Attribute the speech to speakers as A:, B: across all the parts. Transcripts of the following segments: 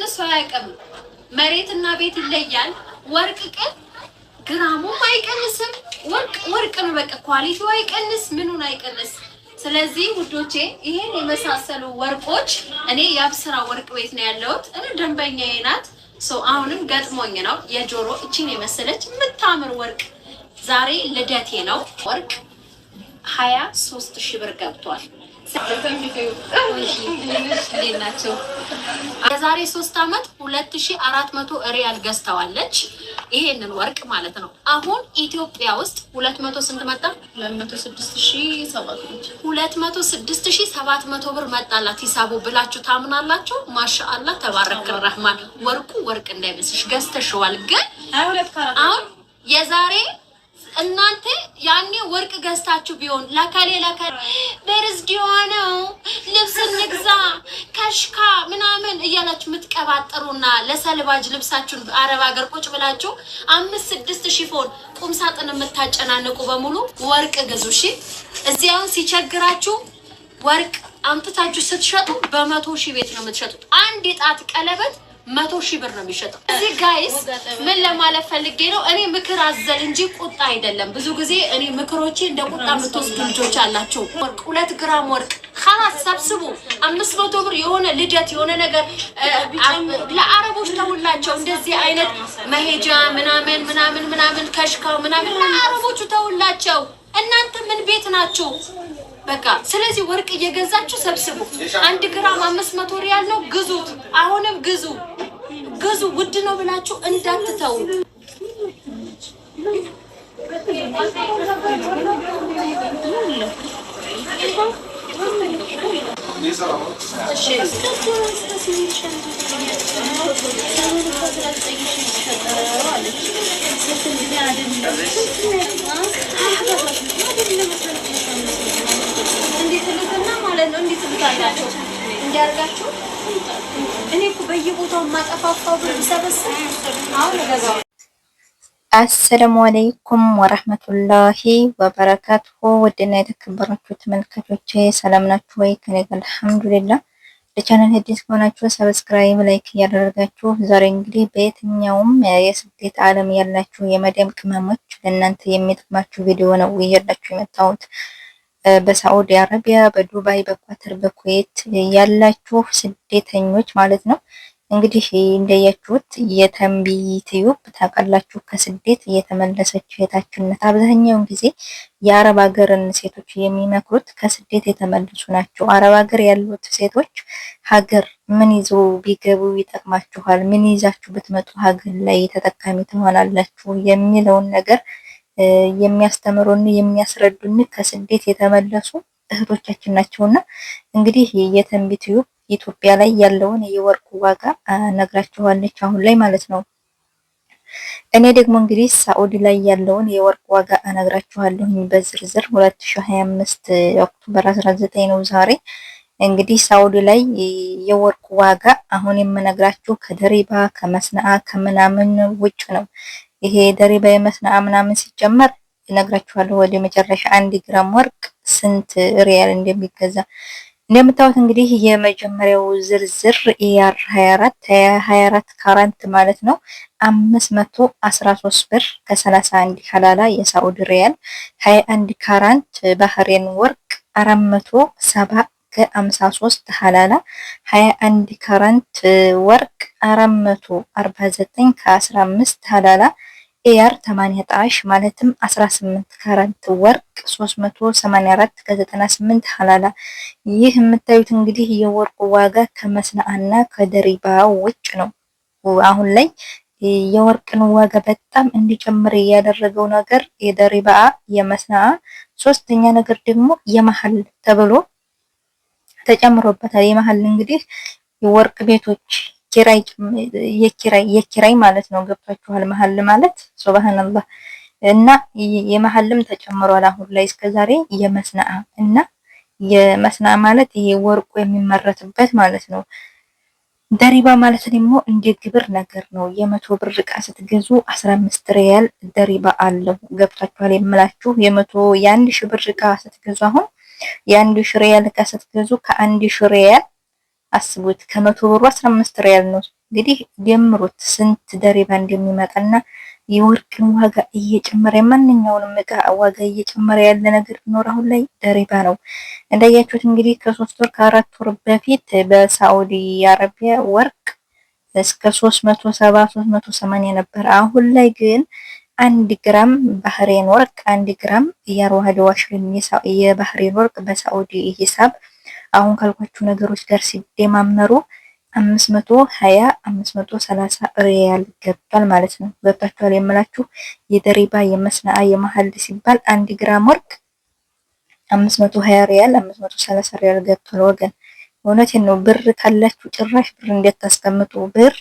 A: ያን ሰው አያውቅም። መሬትና ቤት ይለያል። ወርቅ ግን ግራሙም አይቀንስም። ወርቅ ወርቅ ነው በቃ ኳሊቲው አይቀንስ፣ ምኑን አይቀንስ። ስለዚህ ውዶቼ ይሄን የመሳሰሉ ወርቆች እኔ የአብስራ ወርቅ ቤት ነው ያለሁት። እኔ ደንበኛዬ ናት። ሰው አሁንም ገጥሞኝ ነው የጆሮ እቺን የመሰለች የምታምር ወርቅ። ዛሬ ልደቴ ነው። ወርቅ ሀያ ሶስት ሺህ ብር ገብቷል። ናቸው። የዛሬ ሶስት አመት ሁለት ሺ አራት መቶ ሪያል ገዝተዋለች። ይሄንን ወርቅ ማለት ነው። አሁን ኢትዮጵያ ውስጥ ሁለት መቶ ስንት መጣ?
B: ሁለት መቶ ስድስት ሺ ሰባት
A: መቶ ብር መጣላት ሂሳቡ ብላችሁ ታምናላችሁ? ማሻአላህ ተባረክ ረህማን። ወርቁ ወርቅ እንዳይመስልሽ ገዝተሽዋል። ግን አሁን የዛሬ እናንተ ያኔ ወርቅ ገዝታችሁ ቢሆን ለካሌ ለካሌ በርዝድ የሆነው ልብስ እንግዛ ከሽካ ምናምን እያላችሁ የምትቀባጥሩና ለሰልባጅ ልብሳችሁን አረብ ሀገር ቁጭ ብላችሁ አምስት ስድስት ሺፎን ቁም ሳጥን የምታጨናንቁ በሙሉ ወርቅ ግዙ። እሺ እዚያውን ሲቸግራችሁ ወርቅ አምጥታችሁ ስትሸጡ በመቶ ሺህ ቤት ነው የምትሸጡት። አንድ የጣት ቀለበት መቶ ሺህ ብር ነው የሚሸጠው። እዚህ ጋይስ ምን ለማለት ፈልጌ ነው፣ እኔ ምክር አዘል እንጂ ቁጣ አይደለም። ብዙ ጊዜ እኔ ምክሮቼ እንደ ቁጣ የምትወስዱ ልጆች አላቸው። ወርቅ ሁለት ግራም ወርቅ ሀላስ ሰብስቡ አምስት መቶ ብር የሆነ ልደት የሆነ ነገር ለአረቦች ተውላቸው። እንደዚህ አይነት መሄጃ ምናምን ምናምን ምናምን ከሽካው ምናምን ለአረቦቹ ተውላቸው። እናንተ ምን ቤት ናችሁ? በቃ ስለዚህ ወርቅ እየገዛችሁ ሰብስቡ። አንድ ግራም አምስት መቶ ሪያል ነው፣ ግዙ። አሁንም ግዙ ግዙ። ውድ ነው ብላችሁ እንዳትተው። እንዲትሉትና ማለት ነው እንዲትሉታላቸው እንዲያርጋቸው እኔ እኮ በየቦታው ማጠፋፋው ብር ሰበስብ አሁን ገዛው። አሰላሙ አለይኩም ወራህመቱላሂ ወበረካቱሁ ውድና የተከበራችሁ ተመልካቾቼ ሰላም ናችሁ ወይ? ከኔ ጋር አልሐምዱሊላህ። ለቻናል ሄዲስ ከሆናችሁ ሰብስክራይብ፣ ላይክ እያደረጋችሁ ዛሬ እንግዲህ በየትኛውም የስደት ዓለም ያላችሁ የመደም ቅመሞች ለእናንተ የሚጠቅማችሁ ቪዲዮ ነው ይዤላችሁ የመጣሁት። በሳዑዲ አረቢያ፣ በዱባይ፣ በኳተር፣ በኩዌት ያላችሁ ስደተኞች ማለት ነው እንግዲህ እንደያችሁት የተንቢ ቲዩብ ታውቃላችሁ። ከስደት የተመለሰች እህታችንነት አብዛኛውን ጊዜ የአረብ ሀገርን ሴቶች የሚመክሩት ከስደት የተመለሱ ናቸው። አረብ ሀገር ያሉት ሴቶች ሀገር ምን ይዞ ቢገቡ ይጠቅማችኋል፣ ምን ይዛችሁ ብትመጡ ሀገር ላይ ተጠቃሚ ትሆናላችሁ የሚለውን ነገር የሚያስተምሩን የሚያስረዱን ከስደት የተመለሱ እህቶቻችን ናቸውና እንግዲህ የተንቢ ዩብ ኢትዮጵያ ላይ ያለውን የወርቁ ዋጋ ነግራችኋለች አሁን ላይ ማለት ነው። እኔ ደግሞ እንግዲህ ሳኡዲ ላይ ያለውን የወርቅ ዋጋ እነግራችኋለሁኝ በዝርዝር 2025 ኦክቶበር 19 ነው ዛሬ። እንግዲህ ሳኡዲ ላይ የወርቅ ዋጋ አሁን የምነግራችሁ ከደሪባ ከመስናአ ከምናምን ውጭ ነው። ይሄ ደሪባ የመስና ምናምን ሲጀመር እነግራችኋለሁ ወደ መጨረሻ አንድ ግራም ወርቅ ስንት ሪያል እንደሚገዛ። እንደምታዩት እንግዲህ የመጀመሪያው ዝርዝር ኢያር 24 24 ካራንት ማለት ነው 513 ብር ከ31 ሐላላ የሳዑዲ ሪያል 21 ካራንት ባህሬን ወርቅ 470 ከ53 ሐላላ 21 ካራንት ወርቅ 449 ከ15 ሀላላ ኤአር 8 ጣሽ ማለትም 18 ካራት ወርቅ 384 ከ98 ሀላላ። ይህ የምታዩት እንግዲህ የወርቁ ዋጋ ከመስናአና ከደሪባ ውጭ ነው። አሁን ላይ የወርቅን ዋጋ በጣም እንዲጨምር ያደረገው ነገር የደሪባ የመስናአ፣ ሶስተኛ ነገር ደግሞ የመሀል ተብሎ ተጨምሮበታል። የመሀል እንግዲህ የወርቅ ቤቶች የኪራይ ማለት ነው። ገብቷችኋል? መሀል ማለት ሱብሃንአላህ። እና የመሀልም ተጨምሯል አሁን ላይ እስከዛሬ የመስናአ እና የመስናአ ማለት ይሄ ወርቁ የሚመረትበት ማለት ነው። ደሪባ ማለት ደግሞ እንደ ግብር ነገር ነው። የመቶ ብር እቃ ስትገዙ 15 ሪያል ደሪባ አለው። ገብታችኋል የምላችሁ የመቶ የአንድ ሺህ ብር እቃ ስትገዙ አሁን የአንድ ሺህ ሪያል እቃ ስትገዙ ከአንድ ሺህ ሪያል አስቡት ከመቶ ብሩ 15 ሪያል ነው። እንግዲህ ደምሩት ስንት ደሪባ እንደሚመጣና የወርቅን ዋጋ እየጨመረ ማንኛውንም እቃ ዋጋ እየጨመረ ያለ ነገር ቢኖር አሁን ላይ ደሪባ ነው። እንዳያችሁት እንግዲህ ከሶስት ወር ከአራት ወር በፊት በሳዑዲ አረቢያ ወርቅ እስከ 370 380 ነበር። አሁን ላይ ግን አንድ ግራም ባህሬን ወርቅ አንድ ግራም የአርዋሃድ ዋሽሪን የባህሬን ወርቅ በሳዑዲ ሂሳብ አሁን ካልኳችሁ ነገሮች ጋር ሲደማመሩ 520 530 ሪያል ገብቷል ማለት ነው። ገብታችኋል የምላችሁ የደሪባ የመስናአ የመሀል ሲባል አንድ ግራም ወርቅ 520 ሪያል 530 ሪያል ገብቷል ወገን። እውነቴን ነው። ብር ካላችሁ ጭራሽ ብር እንደታስቀምጡ ብር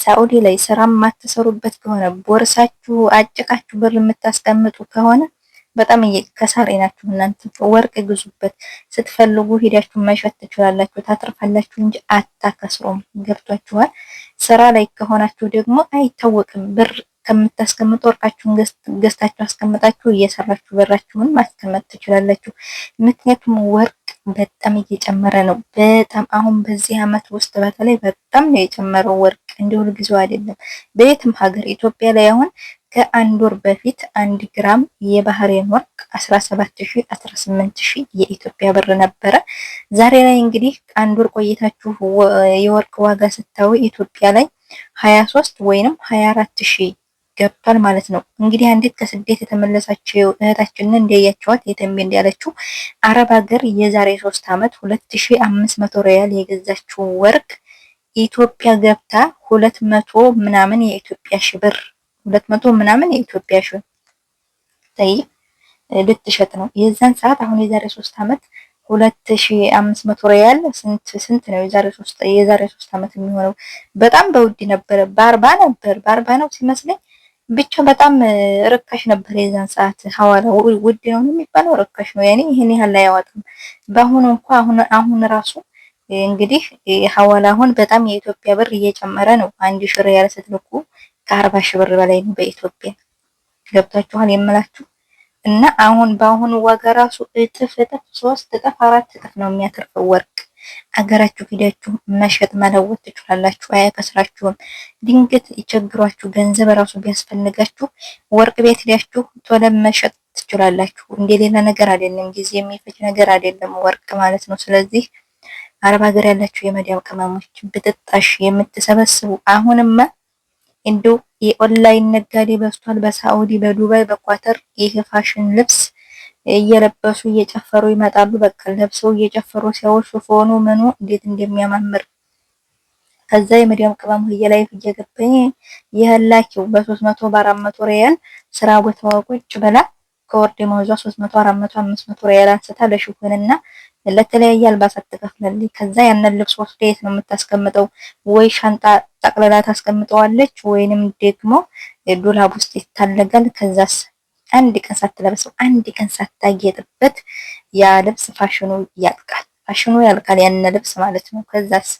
A: ሳኡዲ ላይ ስራ የማትሰሩበት ከሆነ ቦርሳችሁ አጭቃችሁ ብር የምታስቀምጡ ከሆነ በጣም ከሳሪ ናችሁ እናንተ። ወርቅ ግዙበት ስትፈልጉ ሄዳችሁ መሸት ትችላላችሁ፣ ታትርፋላችሁ እንጂ አታከስሩም። ገብቷችኋል? ስራ ላይ ከሆናችሁ ደግሞ አይታወቅም። ብር ከምታስቀምጡ ወርቃችሁን ገዝታችሁ አስቀምጣችሁ እየሰራችሁ ብራችሁን ማስቀመጥ ትችላላችሁ። ምክንያቱም ወርቅ በጣም እየጨመረ ነው። በጣም አሁን በዚህ አመት ውስጥ በተለይ በጣም ነው የጨመረው ወርቅ። እንዲሁ ሁልጊዜው አይደለም፣ በየትም ሀገር ኢትዮጵያ ላይ አሁን ከአንድ ወር በፊት አንድ ግራም የባህሬን ወርቅ 17000 የኢትዮጵያ ብር ነበረ። ዛሬ ላይ እንግዲህ አንድ ወር ቆይታችሁ የወርቅ ዋጋ ስታዩ ኢትዮጵያ ላይ 23 ወይንም 24000 ገብቷል ማለት ነው። እንግዲህ አንዲት ከስደት የተመለሳችው እህታችንን እንደያቸዋት የተሜ እንዳለችው አረብ ሀገር የዛሬ 3 ዓመት 2500 ሪያል የገዛችው ወርቅ ኢትዮጵያ ገብታ 200 ምናምን የኢትዮጵያ ሺ ብር ሁለት መቶ ምናምን የኢትዮጵያ ሺህ ጠይቅ ልትሸጥ ነው። የዛን ሰዓት አሁን የዛሬ ሶስት አመት ሁለት ሺህ አምስት መቶ ሪያል ስንት ስንት ነው? የዛሬ ሶስት የዛሬ ሶስት ዓመት የሚሆነው በጣም በውድ ነበረ። በአርባ ነበር በአርባ ነው ሲመስለኝ ብቻ በጣም ርካሽ ነበር የዛን ሰዓት። ሐዋላ ውድ ነው የሚባለው ርካሽ ነው። ያኔ ይሄን ያህል አያዋጣም። በአሁኑ እንኳ አሁን አሁን ራሱ እንግዲህ ሐዋላ አሁን በጣም የኢትዮጵያ ብር እየጨመረ ነው። አንድ ሺህ ሪያል ስትልኩ ከአርባ ሺህ ብር በላይ ነው በኢትዮጵያ ገብታችኋል የምላችሁ እና አሁን በአሁኑ ዋጋ ራሱ እጥፍ እጥፍ ሶስት እጥፍ አራት እጥፍ ነው የሚያተርፈው ወርቅ። አገራችሁ ሂዳችሁ መሸጥ መለወጥ ትችላላችሁ። አያከስራችሁም። ድንገት ይቸግሯችሁ ገንዘብ ራሱ ቢያስፈልጋችሁ ወርቅ ቤት ሂዳችሁ ቶሎ መሸጥ ትችላላችሁ። እንደሌላ ነገር አይደለም፣ ጊዜ የሚፈጅ ነገር አይደለም ወርቅ ማለት ነው። ስለዚህ አረብ ሀገር ያላችሁ የመዳብ ቅመሞች ብጥጣሽ የምትሰበስቡ አሁንማ እንደው የኦንላይን ነጋዴ በስቷል። በሳዑዲ፣ በዱባይ፣ በኳተር ይህ ፋሽን ልብስ እየለበሱ እየጨፈሩ ይመጣሉ። በቃ ለብሰው እየጨፈሩ ሲያወሹ ፎኑ ምኑ እንዴት እንደሚያማምር ከዛ የመዲያም ቅመም ህየ ላይ እየገባኝ ይሄ ላኪው በ300 በ400 ሪያል ስራ ቦታዋ ቁጭ ብላ ከወር ደመወዟ ሶስት መቶ አራት ሪያል አንስታ ለተለያየ አልባሳት ትከፍላለች። ከዛ ያንን ልብስ ወስዳ የት ነው የምታስቀምጠው? ወይ ሻንጣ ጠቅልላ ታስቀምጠዋለች፣ ወይንም ደግሞ ዱላብ ውስጥ ይታለጋል። ከዛስ አንድ ቀን ሳትለብሰው አንድ ቀን ሳታጌጥበት ያ ልብስ ፋሽኑ ያልቃል። ፋሽኑ ያልቃል፣ ልብስ ማለት ነው። ከዛስ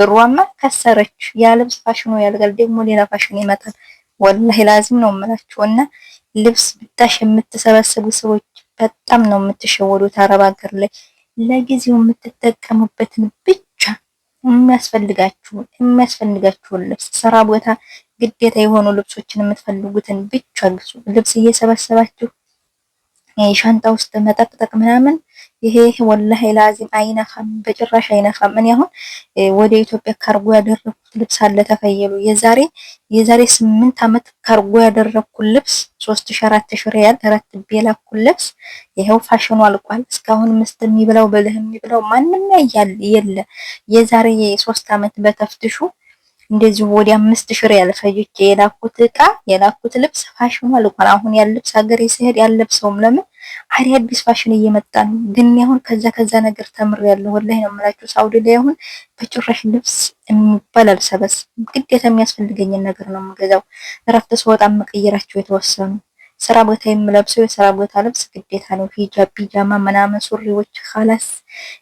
A: ብሯማ ከሰረች። ያ ልብስ ፋሽኑ ያልቃል፣ ደግሞ ሌላ ይመጣል። ወላሂ ላዚም ነው የምላችሁ እና ልብስ ብታሽ የምትሰበስቡ ሰዎች በጣም ነው የምትሸወዱት። አረብ ሀገር ላይ ለጊዜው የምትጠቀሙበትን ብቻ የሚያስፈልጋችሁ የሚያስፈልጋችሁን ልብስ ስራ ቦታ ግዴታ የሆኑ ልብሶችን የምትፈልጉትን ብቻ ልብስ እየሰበሰባችሁ ሻንጣ ውስጥ መጠቅጠቅ ምናምን ይሄ ወላሂ ላዚም አይነካም፣ በጭራሽ አይነካም። እኔ አሁን ወደ ኢትዮጵያ ካርጎ ያደረኩት ልብስ አለ ተፈየሉ የዛሬ የዛሬ ስምንት ዓመት ካርጎ ያደረኩት ልብስ ሶስት ሺህ ሪያል አራት ቤላኩት ልብስ ይሄው ፋሽኑ አልቋል። እስካሁን ምስት የሚብላው በልህ የሚብላው ማንም ያያል የለ የዛሬ ሶስት ዓመት በተፍትሹ እንደዚሁ ወደ አምስት ሽር ያልፈጅች የላኩት እቃ የላኩት ልብስ ፋሽኑ አልቋል። አሁን ያ ልብስ ሀገሬ ስሄድ ያለብሰውም ለምን አዲስ ፋሽን እየመጣ ነው። ግን አሁን ከዛ ከዛ ነገር ተምሬያለሁ። ወላሂ ነው የምላችሁ። ሳውዲ ላይ አሁን በጭራሽ ልብስ የሚባል አልሰበስብም። ግዴታ የሚያስፈልገኝን ነገር ነው የምገዛው። እረፍት ስወጣ መቀየራቸው የተወሰኑ ስራ ቦታ የምለብሰው የስራ ቦታ ልብስ ግዴታ ነው። ሂጃብ፣ ፒጃማ ምናምን ሱሪዎች ካላስ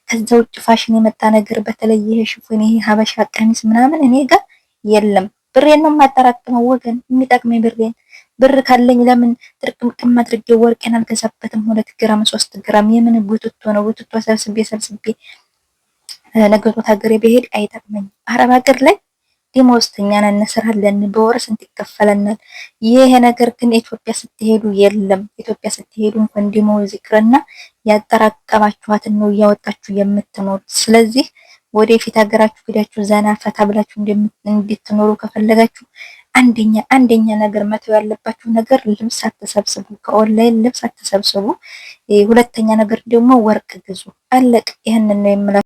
A: ከዛ ውጭ ፋሽን የመጣ ነገር በተለይ ይሄ ሽፎን፣ ይሄ ሀበሻ ቀሚስ ምናምን እኔ ጋር የለም። ብሬን ነው የማጠራቅመው ወገን፣ የሚጠቅመኝ ብሬን ብር ካለኝ ለምን ጥርቅምቅም አድርጌ ወርቄን አልገዛበትም? ሁለት ግራም ሶስት ግራም የምን ቡትቶ ነው? ቡትቶ ሰብስቤ ሰብስቤ ነገጦት ሀገሬ ብሄድ አይጠቅመኝ። አረብ ሀገር ላይ ደሞዝተኛ ነን፣ እንሰራለን፣ በወር ስንት ይከፈለናል። ይሄ ነገር ግን ኢትዮጵያ ስትሄዱ የለም። ኢትዮጵያ ስትሄዱ እንኳን ደሞዝ ይቅርና ያጠራቀማችኋትን ነው እያወጣችሁ የምትኖሩት። ስለዚህ ወደፊት ሀገራችሁ ሄዳችሁ ዘና ፈታ ብላችሁ እንድትኖሩ ከፈለጋችሁ አንደኛ አንደኛ ነገር መተው ያለባችሁ ነገር ልብስ አትሰብስቡ፣ ከኦንላይን ልብስ አትሰብስቡ። ሁለተኛ ነገር ደግሞ ወርቅ ግዙ። አለቅ። ይህንን ነው የምላችሁ።